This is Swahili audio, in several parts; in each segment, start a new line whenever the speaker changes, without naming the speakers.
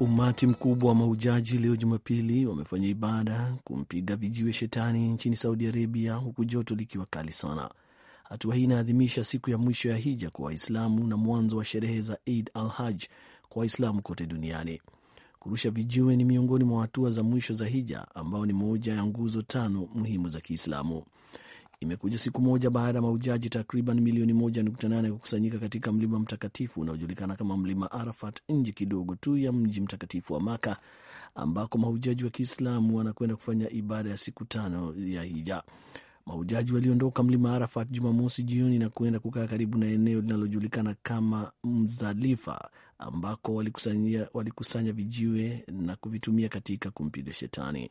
Umati mkubwa wa mahujaji leo Jumapili wamefanya ibada kumpiga vijiwe shetani nchini Saudi Arabia, huku joto likiwa kali sana. Hatua hii inaadhimisha siku ya mwisho ya hija kwa Waislamu na mwanzo wa sherehe za Eid al Haj kwa Waislamu kote duniani. Kurusha vijiwe ni miongoni mwa hatua za mwisho za hija, ambao ni moja ya nguzo tano muhimu za Kiislamu imekuja siku moja baada ya maujaji takriban milioni 1.8 kukusanyika katika mlima mtakatifu unaojulikana kama mlima Arafat, nje kidogo tu ya mji mtakatifu wa Maka, ambako mahujaji wa Kiislamu wanakwenda kufanya ibada ya siku tano ya hija. Mahujaji waliondoka mlima Arafat Jumamosi jioni na kuenda kukaa karibu na eneo linalojulikana kama Mdhalifa, ambako walikusanya, walikusanya vijiwe na kuvitumia katika kumpiga shetani.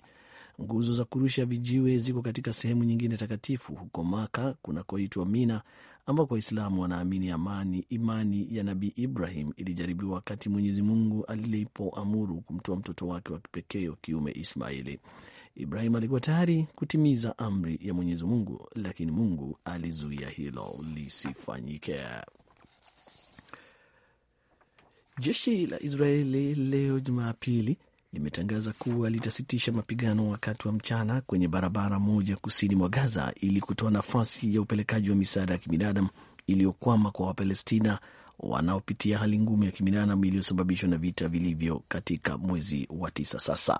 Nguzo za kurusha vijiwe ziko katika sehemu nyingine takatifu huko Maka kunakoitwa Mina, ambako Waislamu wanaamini amani imani ya Nabii Ibrahim ilijaribiwa wakati Mwenyezi Mungu alipoamuru kumtoa mtoto wake wa kipekee wa kiume Ismaili. Ibrahim alikuwa tayari kutimiza amri ya Mwenyezi Mungu, lakini Mungu alizuia hilo lisifanyike. Jeshi la Israeli leo Jumapili limetangaza kuwa litasitisha mapigano wakati wa mchana kwenye barabara moja kusini mwa Gaza ili kutoa nafasi ya upelekaji wa misaada ya kibinadamu iliyokwama kwa Wapalestina wanaopitia hali ngumu ya kibinadamu iliyosababishwa na vita vilivyo katika mwezi wa tisa sasa.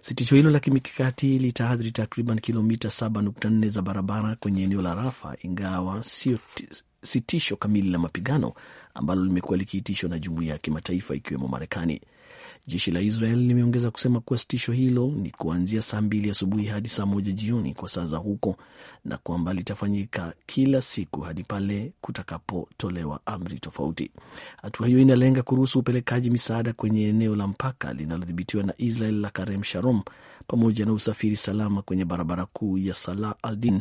Sitisho hilo la kimikakati litaathiri takriban kilomita 7.4 za barabara kwenye eneo la Rafa, ingawa sio sitisho kamili la mapigano ambalo limekuwa likiitishwa na jumuiya ya kimataifa ikiwemo Marekani. Jeshi la Israel limeongeza kusema kuwa sitisho hilo ni kuanzia saa mbili asubuhi hadi saa moja jioni kwa saa za huko na kwamba litafanyika kila siku hadi pale kutakapotolewa amri tofauti. Hatua hiyo inalenga kuruhusu upelekaji misaada kwenye eneo la mpaka linalodhibitiwa na Israel la Karem sharom pamoja na usafiri salama kwenye barabara kuu ya Salah al-Din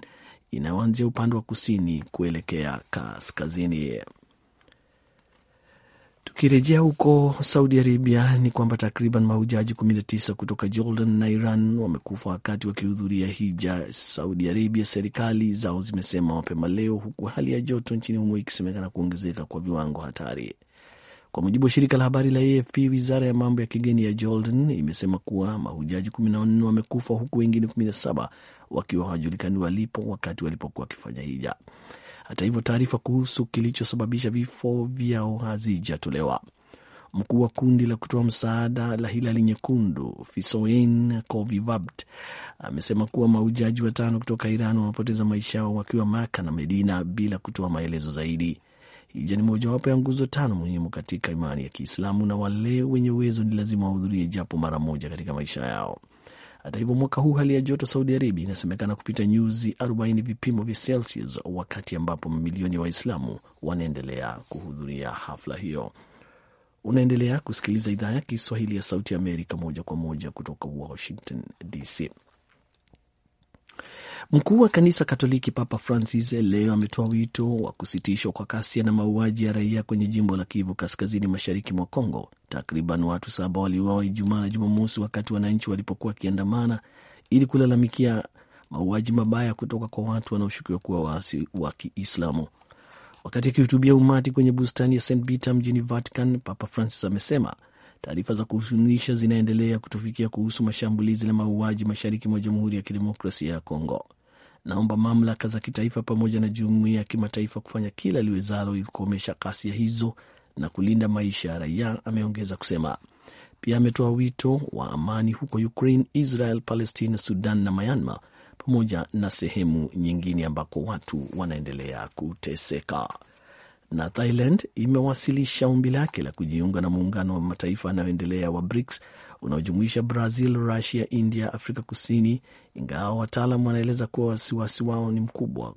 inayoanzia upande wa kusini kuelekea kaskazini. Tukirejea huko Saudi Arabia ni kwamba takriban mahujaji 19 kutoka Jordan na Iran wamekufa wakati wakihudhuria hija Saudi Arabia, serikali zao zimesema mapema leo, huku hali ya joto nchini humo ikisemekana kuongezeka kwa viwango hatari. Kwa mujibu wa shirika la habari la AFP, wizara ya mambo ya kigeni ya Jordan imesema kuwa mahujaji 14 wamekufa huku wengine 17 wakiwa hawajulikani walipo wakati walipokuwa wakifanya hija. Hata hivyo, taarifa kuhusu kilichosababisha vifo vyao hazijatolewa. Mkuu wa kundi la kutoa msaada la Hilali Nyekundu Fisoen Covivabt amesema kuwa maujaji watano kutoka Iran wamepoteza maisha yao wakiwa Maka na Medina bila kutoa maelezo zaidi. Hija ni mojawapo ya nguzo tano muhimu katika imani ya Kiislamu, na wale wenye uwezo ni lazima wahudhurie japo mara moja katika maisha yao. Hata hivyo, mwaka huu hali ya joto Saudi Arabia inasemekana kupita nyuzi 40 vipimo vya Celsius, wakati ambapo mamilioni ya wa Waislamu wanaendelea kuhudhuria hafla hiyo. Unaendelea kusikiliza idhaa ya Kiswahili ya Sauti Amerika moja kwa moja kutoka Washington DC. Mkuu wa kanisa Katoliki Papa Francis leo ametoa wito wa kusitishwa kwa kasia na mauaji ya raia kwenye jimbo la Kivu Kaskazini, mashariki mwa Kongo. Takriban watu saba waliuawa Ijumaa na Jumamosi wakati wananchi walipokuwa wakiandamana ili kulalamikia mauaji mabaya kutoka kwa watu wanaoshukiwa kuwa waasi wa Kiislamu. Wakati akihutubia umati kwenye bustani ya St Peter mjini Vatican, Papa Francis amesema taarifa za kuhuzunisha zinaendelea kutufikia kuhusu mashambulizi na mauaji mashariki mwa Jamhuri ya Kidemokrasia ya Kongo. Naomba mamlaka za kitaifa pamoja na jumuiya ya kimataifa kufanya kila liwezalo ili kukomesha ghasia hizo na kulinda maisha ya raia, ameongeza kusema. Pia ametoa wito wa amani huko Ukraine, Israel, Palestina, Sudan na Myanmar pamoja na sehemu nyingine ambako watu wanaendelea kuteseka. Na Thailand imewasilisha ombi lake la kujiunga na muungano wa mataifa yanayoendelea wa BRICS unaojumuisha Brazil, Rusia, India, Afrika Kusini, ingawa wataalam wanaeleza kuwa wasiwasi wao ni mkubwa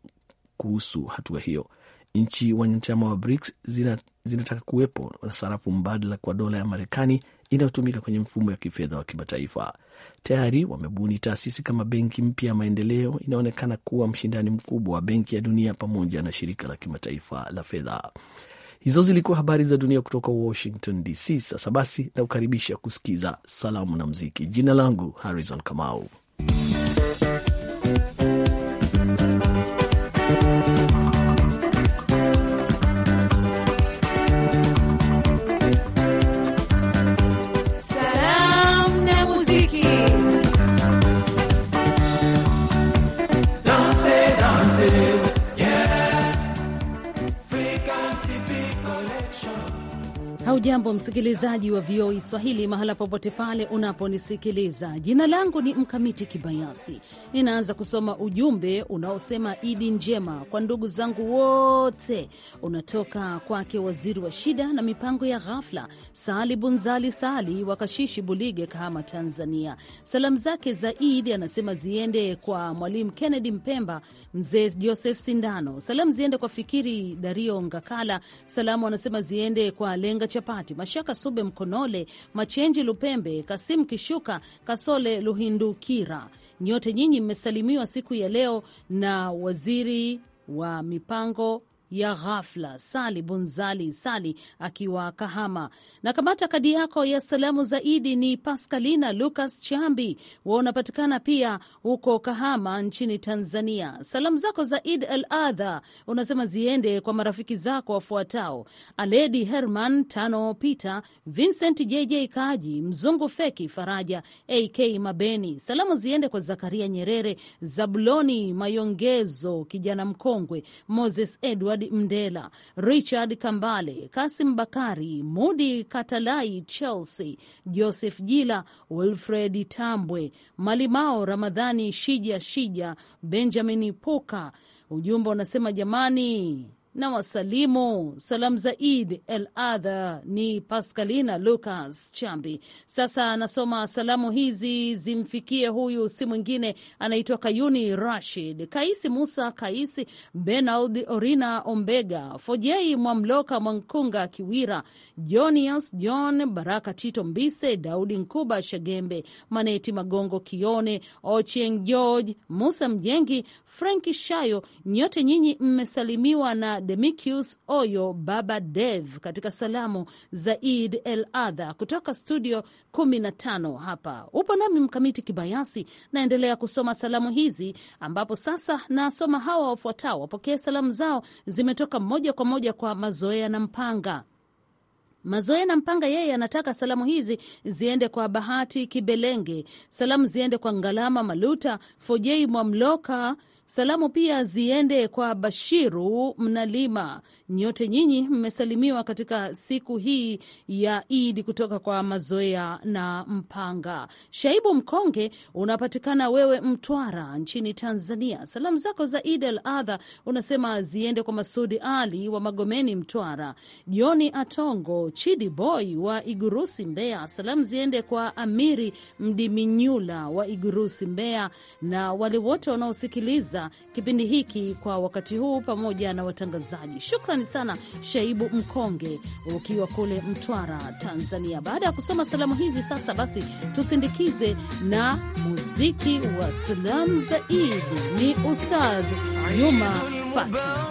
kuhusu hatua hiyo. Nchi wanachama wa BRICS zinataka kuwepo na sarafu mbadala kwa dola ya Marekani inayotumika kwenye mfumo ya kifedha wa kimataifa. Tayari wamebuni taasisi kama Benki Mpya ya Maendeleo, inaonekana kuwa mshindani mkubwa wa Benki ya Dunia pamoja na Shirika la Kimataifa la Fedha. Hizo zilikuwa habari za dunia kutoka Washington DC. Sasa basi, na kukaribisha kusikiza salamu na mziki. Jina langu Harrison Kamau.
Haujambo msikilizaji wa VOA e Swahili mahala popote pale unaponisikiliza. Jina langu ni Mkamiti Kibayasi. Ninaanza kusoma ujumbe unaosema Idi njema kwa ndugu zangu wote, unatoka kwake waziri wa shida na mipango ya ghafla Sali Bunzali Sali wa Kashishi Bulige, Kahama, Tanzania. Salamu zake za Idi anasema ziende kwa Mwalimu Kennedy Mpemba, Mzee Joseph Sindano. Salamu ziende kwa Fikiri Dario Ngakala. Salamu anasema ziende kwa Lenga Chapa Chapati, Mashaka Sube, Mkonole Machenji, Lupembe Kasimu, Kishuka Kasole, Luhindukira, nyote nyinyi mmesalimiwa siku ya leo na waziri wa mipango ya ghafla. Sali Bunzali Sali akiwa Kahama. Na kamata kadi yako ya salamu zaidi ni Paskalina Lucas Chambi, wa unapatikana pia huko Kahama nchini Tanzania. Salamu zako za Id al Adha unasema ziende kwa marafiki zako wafuatao: Aledi Herman Tano, Peter Vincent, JJ Kaji, Mzungu Feki, Faraja AK Mabeni. Salamu ziende kwa Zakaria Nyerere, Zabuloni Mayongezo, kijana mkongwe Moses Edward Richard Mdela, Richard Kambale, Kasim Bakari, Mudi Katalai, Chelsea, Joseph Jila, Wilfred Tambwe, Malimao Ramadhani, Shija Shija, Benjamin Puka. Ujumbe unasema jamani na wasalimu salamu za Eid el Adha. Ni Pascalina Lucas Chambi. Sasa anasoma salamu hizi zimfikie huyu, si mwingine anaitwa Kayuni Rashid, Kaisi Musa, Kaisi Benald, Orina Ombega, Fojei Mwamloka, Mwankunga Kiwira, Jonius John, Baraka Tito Mbise, Daudi Nkuba, Shagembe Maneti, Magongo Kione, Ochieng George, Musa Mjengi, Franki Shayo, nyote nyinyi mmesalimiwa na Demikius Oyo Baba Dev katika salamu za Eid el Adha kutoka studio 15 hapa. Upo nami Mkamiti Kibayasi, naendelea kusoma salamu hizi, ambapo sasa nasoma hawa wafuatao. Wapokee salamu zao, zimetoka moja kwa moja kwa Mazoea na Mpanga. Mazoea na Mpanga yeye anataka salamu hizi ziende kwa Bahati Kibelenge, salamu ziende kwa Ngalama Maluta, Fojei Mwamloka, Salamu pia ziende kwa Bashiru Mnalima. Nyote nyinyi mmesalimiwa katika siku hii ya Idi kutoka kwa Mazoea na Mpanga. Shaibu Mkonge, unapatikana wewe Mtwara nchini Tanzania. Salamu zako za Idi al Adha unasema ziende kwa Masudi Ali wa Magomeni Mtwara, Joni Atongo, Chidi Boy wa Igurusi Mbeya. Salamu ziende kwa Amiri Mdiminyula wa Igurusi Mbeya na wale wote wanaosikiliza kusikiliza kipindi hiki kwa wakati huu pamoja na watangazaji. Shukrani sana Shaibu Mkonge ukiwa kule Mtwara, Tanzania. Baada ya kusoma salamu hizi, sasa basi tusindikize na muziki wa salamu za Idi. Ni Ustadh Juma Faki.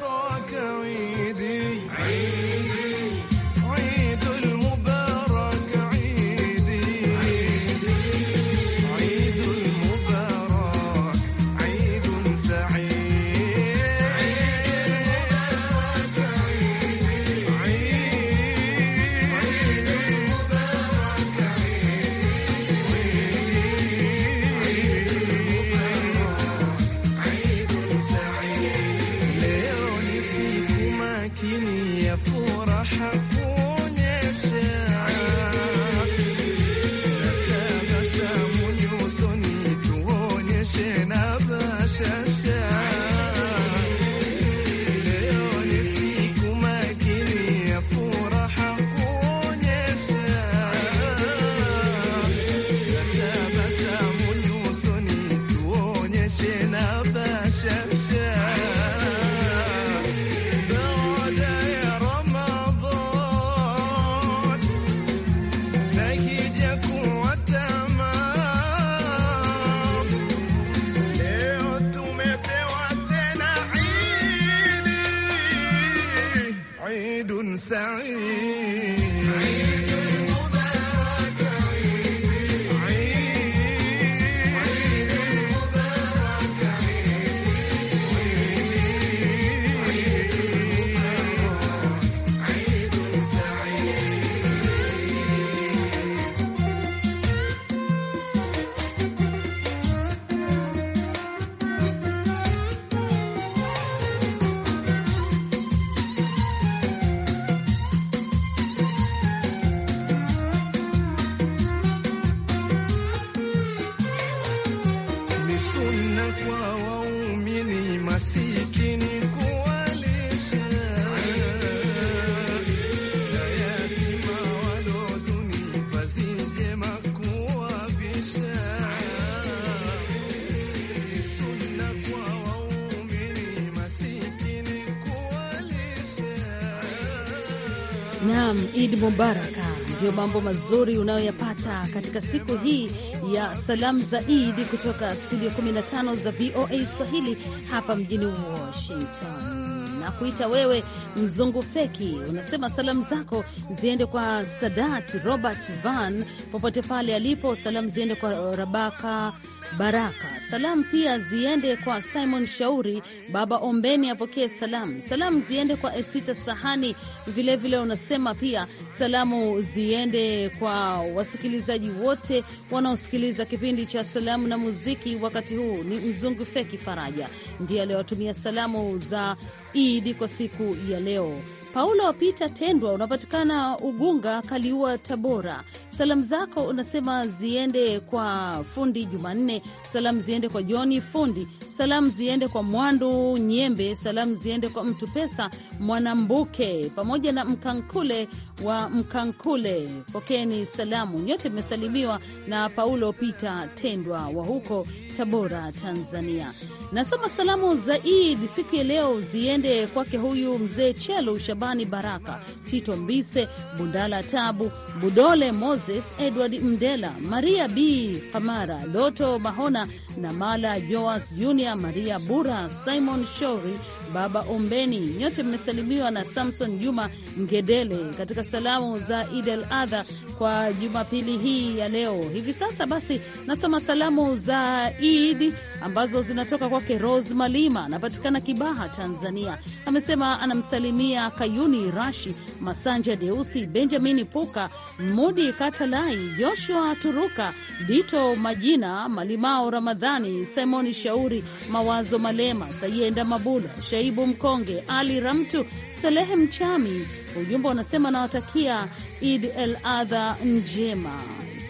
Eid Mubaraka, ndiyo mambo mazuri unayoyapata katika siku hii ya salamu za Eid kutoka studio 15 za VOA Swahili hapa mjini Washington na kuita wewe mzungu feki. Unasema salamu zako ziende kwa Sadat Robert Van popote pale alipo. Salamu ziende kwa Rabaka Baraka. Salamu pia ziende kwa Simon Shauri, baba Ombeni apokee salamu. Salamu ziende kwa Esita Sahani vilevile vile. Unasema pia salamu ziende kwa wasikilizaji wote wanaosikiliza kipindi cha salamu na muziki wakati huu. Ni mzungu feki Faraja ndiye aliyowatumia salamu za Idi kwa siku ya leo. Paulo Pita Tendwa, unapatikana Ugunga Kaliua, Tabora. Salamu zako unasema ziende kwa fundi Jumanne, salamu ziende kwa Joni fundi, salamu ziende kwa Mwandu Nyembe, salamu ziende kwa mtu pesa Mwanambuke pamoja na Mkankule wa Mkankule. Pokeni salamu nyote, mmesalimiwa na Paulo Peter Tendwa wa huko Tabora, Tanzania. Nasoma salamu za Idi siku ya leo ziende kwake huyu mzee Chelo Shabani Baraka, Tito Mbise, Bundala Tabu, Budole Moses, Edward Mdela, Maria B Kamara, Loto Mahona na Mala Joas Junior, Maria Bura, Simon Shori Baba Ombeni, nyote mmesalimiwa na Samson Juma Ngedele katika salamu za Eid al Adha kwa Jumapili hii ya leo. Hivi sasa basi nasoma salamu za idi ambazo zinatoka kwake Rose Malima, anapatikana Kibaha, Tanzania. Amesema anamsalimia Kayuni Rashi, Masanja Deusi, Benjamini Puka, Mudi Katalai, Joshua Turuka, Dito Majina, Malimao Ramadhani, Simoni Shauri, Mawazo Malema, Sayenda Mabula, Shai Shaibu Mkonge, Ali Ramtu, Salehe Mchami. Ujumbe unasema nawatakia Id el Adha njema.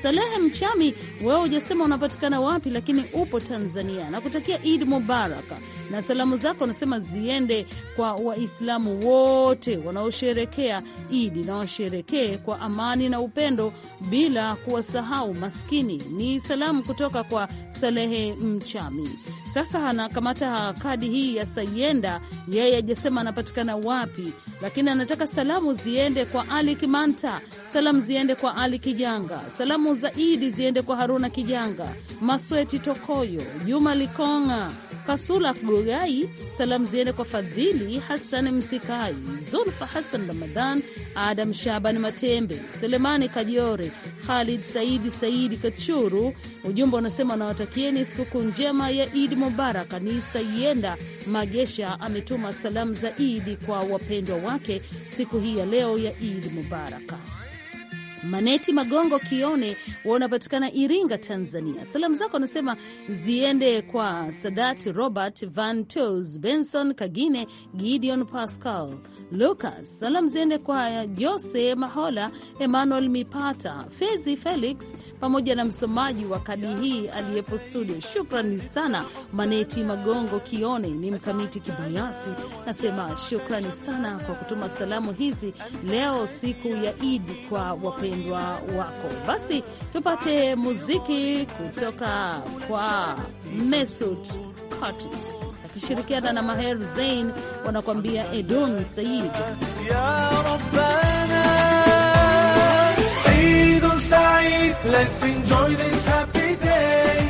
Salehe Mchami, wewe hujasema unapatikana wapi, lakini upo Tanzania. Nakutakia Id mubaraka, na salamu zako unasema ziende kwa Waislamu wote wanaosherekea Idi na washerekee kwa amani na upendo, bila kuwasahau maskini. Ni salamu kutoka kwa Salehe Mchami. Sasa anakamata kadi hii ya Sayenda, yeye ajasema anapatikana wapi, lakini anataka salamu ziende kwa Ali Kimanta, salamu ziende kwa Ali Kijanga, salamu zaidi ziende kwa Haruna Kijanga, Masweti Tokoyo, Juma Likonga Kasula Gogai. Salamu ziende kwa Fadhili Hassan Msikai, Zulfa Hassan Ramadhan, Adam Shaban Matembe, Selemani Kajore, Khalid Saidi Saidi Kachuru. Ujumbe unasema anawatakieni sikukuu njema ya Idi Mubaraka. Ni Sayenda Magesha ametuma salamu za Idi kwa wapendwa wake siku hii ya leo ya Idi Mubaraka. Maneti Magongo Kione wanapatikana Iringa, Tanzania. Salamu zako anasema ziende kwa sadat Robert Van Tos, Benson Kagine, Gideon Pascal Lucas. Salamu ziende kwa Jose Mahola, Emmanuel Mipata, Fezi Felix pamoja na msomaji wa kadi hii aliyepo studio. Shukrani sana Maneti Magongo Kione ni mkamiti kibayasi, nasema shukrani sana kwa kutuma salamu hizi leo siku ya Idi kwa wapendwa wako. Basi tupate muziki kutoka kwa Mesut Curtis akishirikiana na Maher Zain wanakuambia Edon Said.
Let's enjoy this happy day.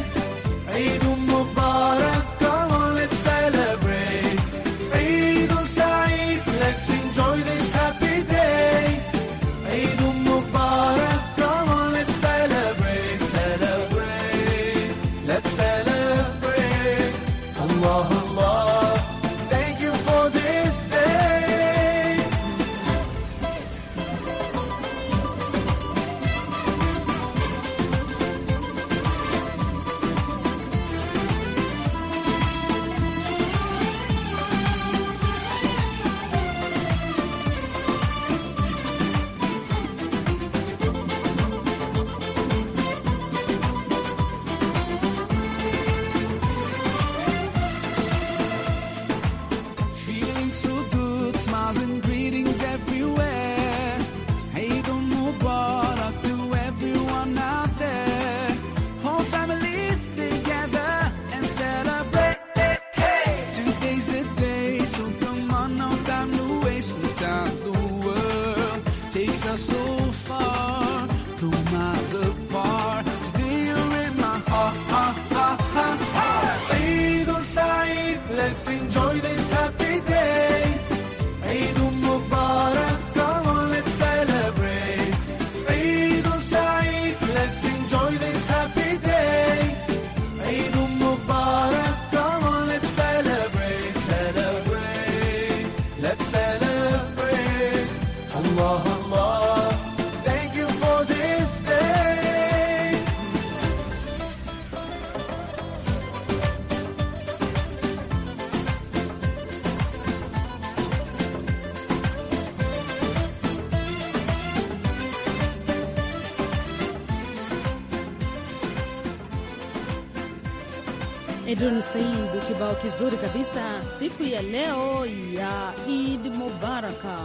Edun Said, kibao kizuri kabisa siku ya leo ya id Mubaraka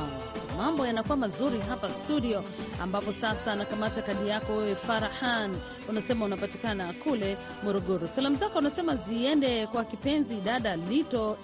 mambo yanakuwa mazuri hapa studio, ambapo sasa anakamata kadi yako wewe. Farahan unasema unapatikana kule Morogoro. Salamu zako unasema ziende kwa kipenzi dada Lito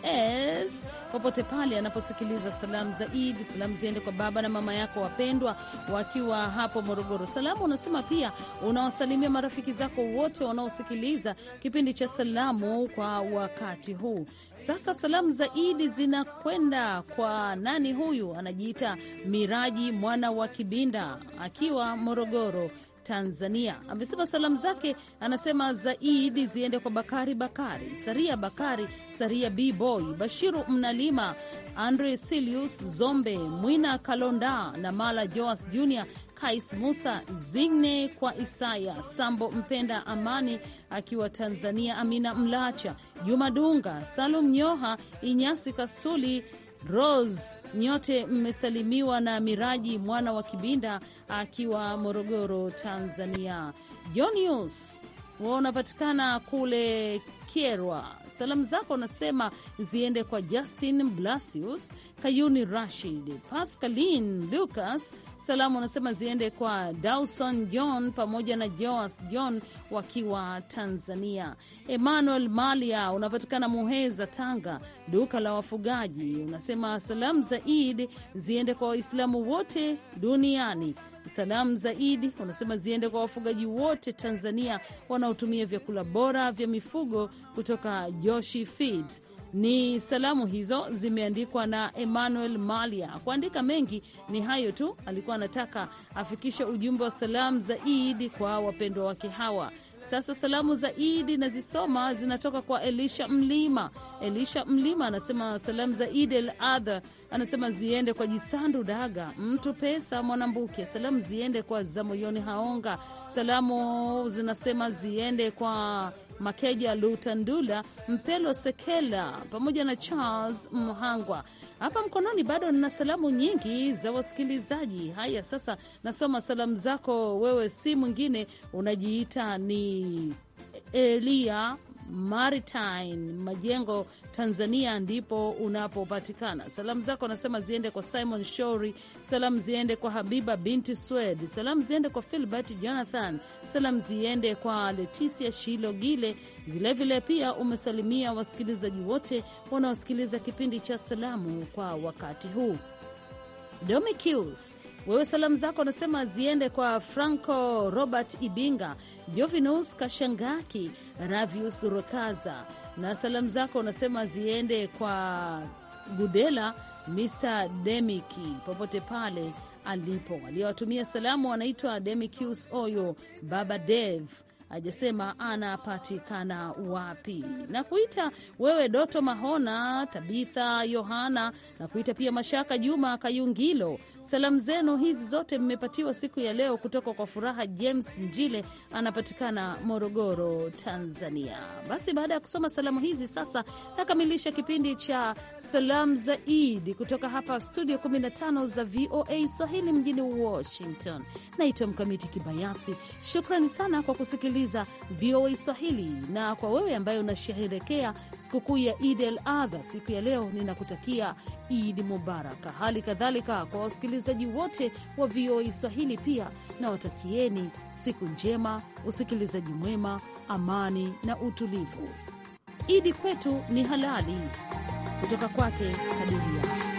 S popote pale anaposikiliza salamu za Idi. Salamu ziende kwa baba na mama yako wapendwa wakiwa hapo Morogoro. Salamu unasema pia unawasalimia marafiki zako wote wanaosikiliza kipindi cha salamu kwa wakati huu. Sasa salamu za Idi zinakwenda kwa nani? Huyu anajiita Miraji mwana wa Kibinda akiwa Morogoro, Tanzania. Amesema salamu zake, anasema zaidi ziende kwa Bakari Bakari, Saria Bakari, Saria B-Boy, Bashiru Mnalima, Andre Silius Zombe, Mwina Kalonda na Mala Joas Jr Kais Musa Zigne kwa Isaya Sambo, Mpenda Amani akiwa Tanzania, Amina Mlacha, Juma Dunga, Salum Nyoha, Inyasi Kastuli, Rose, nyote mmesalimiwa na Miraji mwana wa Kibinda akiwa Morogoro, Tanzania. Jonius wao unapatikana kule Kierwa, Salamu zako unasema ziende kwa Justin Blasius, Kayuni Rashid, Pascalin Lucas. Salamu unasema ziende kwa Dawson John pamoja na Joas John wakiwa Tanzania. Emmanuel Malia unapatikana Muheza, Tanga, duka la wafugaji. Unasema salamu za id ziende kwa Waislamu wote duniani Salamu zaidi unasema ziende kwa wafugaji wote Tanzania wanaotumia vyakula bora vya mifugo kutoka Joshi Feeds. Ni salamu hizo zimeandikwa na Emmanuel Malia. Kuandika mengi ni hayo tu, alikuwa anataka afikishe ujumbe wa salamu za Idi kwa wapendwa wake hawa. Sasa salamu za Idi nazisoma, zinatoka kwa Elisha Mlima. Elisha Mlima anasema salamu za Idi el Adha anasema ziende kwa Jisandu Daga, mtu pesa Mwanambuke. Salamu ziende kwa Zamoyoni Haonga. Salamu zinasema ziende kwa Makeja Lutandula, Mpelo Sekela pamoja na Charles Mhangwa. Hapa mkononi bado nina salamu nyingi za wasikilizaji. Haya, sasa nasoma salamu zako. Wewe si mwingine, unajiita ni Elia Maritime Majengo, Tanzania ndipo unapopatikana. Salamu zako anasema ziende kwa Simon Shori, salamu ziende kwa Habiba binti Swed, salamu ziende kwa Filbert Jonathan, salamu ziende kwa Leticia Shilogile. Vilevile pia umesalimia wasikilizaji wote wanaosikiliza kipindi cha salamu kwa wakati huu. Domicus wewe salamu zako anasema ziende kwa Franco Robert Ibinga, Jovinus Kashangaki, Ravius Rokaza, na salamu zako anasema ziende kwa Gudela Mr Demiki popote pale alipo. Aliyowatumia salamu anaitwa Demikius Oyo, Baba Dev ajasema anapatikana wapi. Na kuita wewe Doto Mahona, Tabitha Yohana, na kuita pia Mashaka Juma Kayungilo, Salamu zenu hizi zote mmepatiwa siku ya leo kutoka kwa Furaha James Njile, anapatikana Morogoro, Tanzania. Basi baada ya kusoma salamu hizi, sasa nakamilisha kipindi cha salamu za Idi kutoka hapa studio 15 za VOA Swahili mjini Washington. Naitwa Mkamiti Kibayasi. Shukrani sana kwa kusikiliza VOA Swahili, na kwa wewe ambaye unasherehekea sikukuu ya Idi el Adha siku ya leo, ninakutakia Idi mubaraka. Hali kadhalika kwa wasikilizaji wote wa VOA Swahili. Pia nawatakieni siku njema, usikilizaji mwema, amani na utulivu. Idi kwetu ni halali kutoka kwake Hadiria.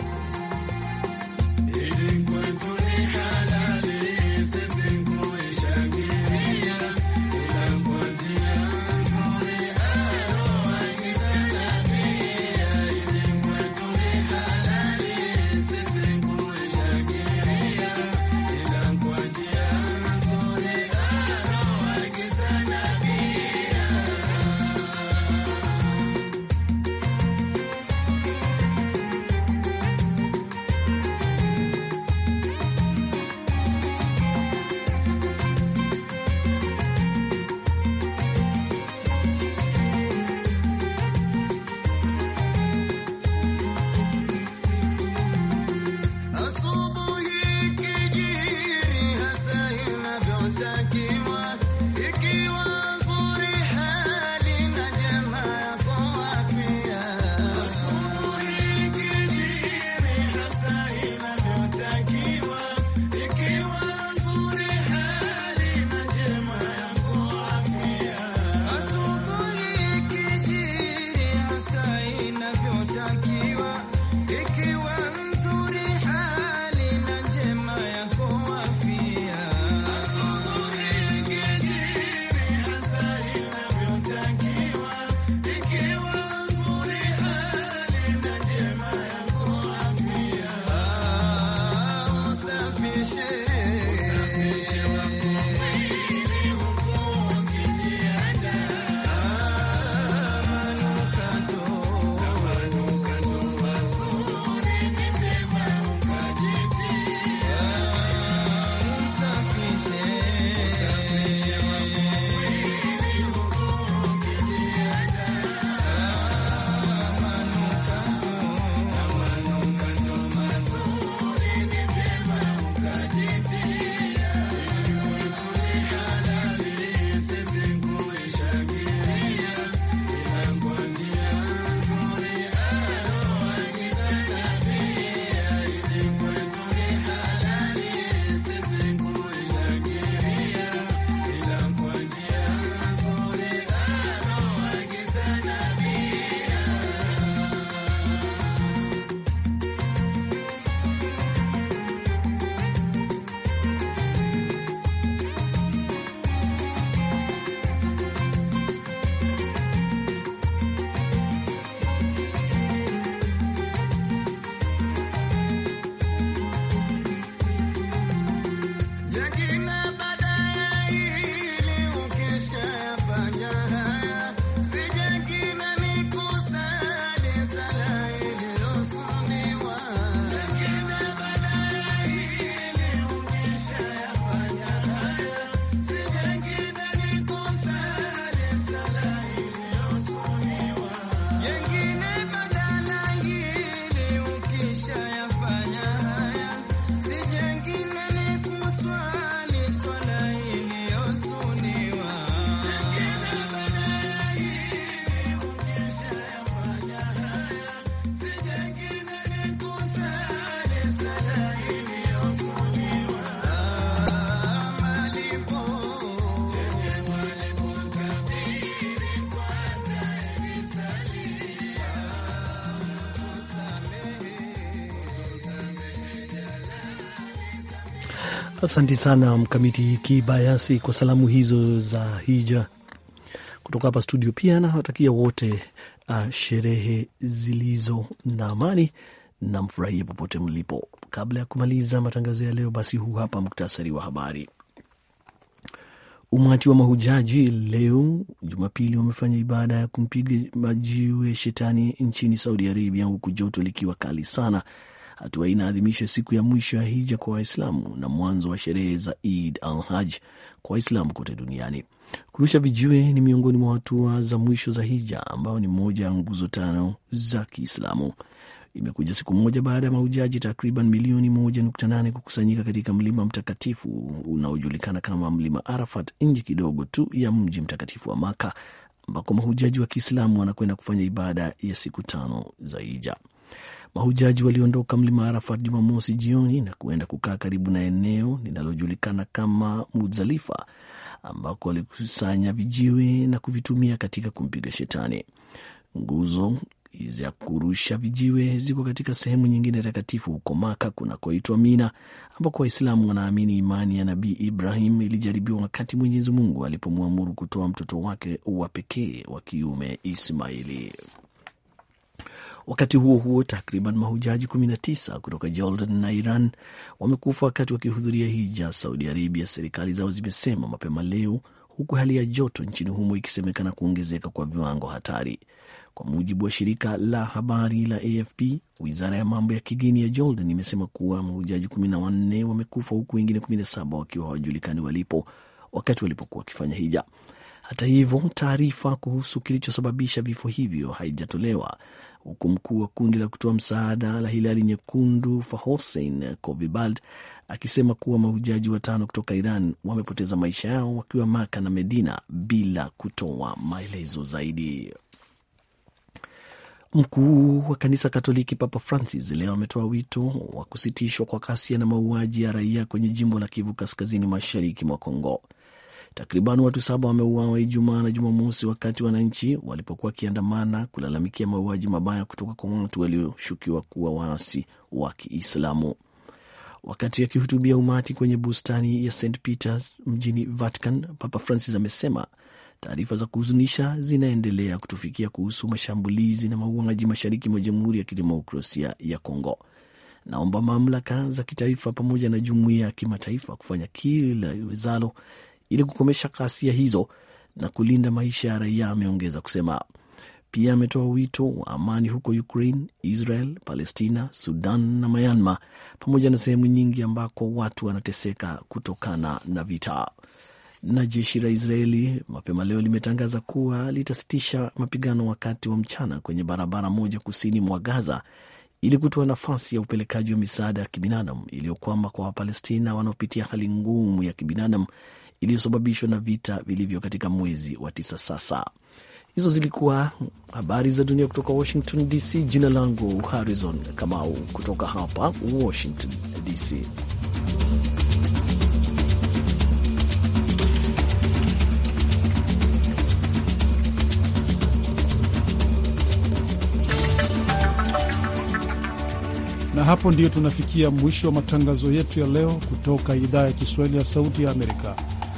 Asante sana Mkamiti Kibayasi kwa salamu hizo za hija kutoka hapa studio. Pia nawatakia wote uh, sherehe zilizo na amani na mfurahie popote mlipo. Kabla ya kumaliza matangazo ya leo, basi huu hapa muktasari wa habari. Umati wa mahujaji leo Jumapili wamefanya ibada ya kumpiga majiwe shetani nchini Saudi Arabia, huku joto likiwa kali sana Hatua hii inaadhimisha siku ya mwisho ya hija kwa Waislamu na mwanzo wa sherehe za Eid al Haj kwa Waislamu kote duniani. Kurusha vijiwe ni miongoni mwa hatua za mwisho za hija, ambayo ni moja ya nguzo tano za Kiislamu. Imekuja siku moja baada ya mahujaji takriban milioni moja nukta nane kukusanyika katika mlima mtakatifu unaojulikana kama mlima Arafat, nje kidogo tu ya mji mtakatifu wa Maka, ambako mahujaji wa Kiislamu wanakwenda kufanya ibada ya siku tano za hija. Mahujaji waliondoka mlima Arafat Jumamosi jioni na kuenda kukaa karibu na eneo linalojulikana kama Muzdalifa, ambako walikusanya vijiwe na kuvitumia katika kumpiga Shetani. Nguzo za kurusha vijiwe ziko katika sehemu nyingine takatifu huko Maka kunakoitwa Mina, ambako Waislamu wanaamini imani ya Nabii Ibrahim ilijaribiwa wakati Mwenyezi Mungu alipomwamuru kutoa mtoto wake wa pekee wa kiume Ismaili. Wakati huo huo, takriban mahujaji 19 kutoka Jordan na Iran wamekufa wakati wakihudhuria hija Saudi Arabia, serikali zao zimesema mapema leo, huku hali ya joto nchini humo ikisemekana kuongezeka kwa viwango hatari. Kwa mujibu wa shirika la habari la AFP, wizara ya mambo ya kigeni ya Jordan imesema kuwa mahujaji 14 wamekufa huku wengine 17 wakiwa hawajulikani walipo wakati walipokuwa wakifanya hija. Hata hivyo, taarifa kuhusu kilichosababisha vifo hivyo haijatolewa huku mkuu wa kundi la kutoa msaada la Hilali Nyekundu Fahosein covibald akisema kuwa mahujaji watano kutoka Iran wamepoteza maisha yao wakiwa Maka na Medina bila kutoa maelezo zaidi. Mkuu wa kanisa Katoliki Papa Francis leo ametoa wito wa kusitishwa kwa kasia na mauaji ya raia kwenye jimbo la Kivu kaskazini mashariki mwa Kongo. Takriban watu saba wameuawa Ijumaa na Jumamosi wakati wananchi walipokuwa wakiandamana kulalamikia mauaji mabaya kutoka kwa watu walioshukiwa kuwa waasi wa Kiislamu. Wakati akihutubia umati kwenye bustani ya St Peters mjini Vatican, Papa Francis amesema taarifa za kuhuzunisha zinaendelea kutufikia kuhusu mashambulizi na mauaji mashariki mwa Jamhuri ya Kidemokrasia ya Kongo. Naomba mamlaka za kitaifa pamoja na jumuiya ya kimataifa kufanya kila iwezalo ili kukomesha ghasia hizo na kulinda maisha ya raia, ameongeza kusema. Pia ametoa wito wa amani huko Ukraine, Israel, Palestina, Sudan na Myanmar, pamoja na sehemu nyingi ambako watu wanateseka kutokana na vita. Na jeshi la Israeli mapema leo limetangaza kuwa litasitisha mapigano wakati wa mchana kwenye barabara moja kusini mwa Gaza ili kutoa nafasi ya upelekaji wa misaada ya kibinadamu iliyokwama kwa Wapalestina wanaopitia hali ngumu ya kibinadamu iliyosababishwa na vita vilivyo katika mwezi wa tisa sasa. Hizo zilikuwa habari za dunia kutoka Washington DC. Jina langu Harrison Kamau kutoka hapa Washington DC.
Na hapo ndiyo tunafikia mwisho wa matangazo yetu ya leo kutoka idhaa ya Kiswahili ya Sauti ya Amerika.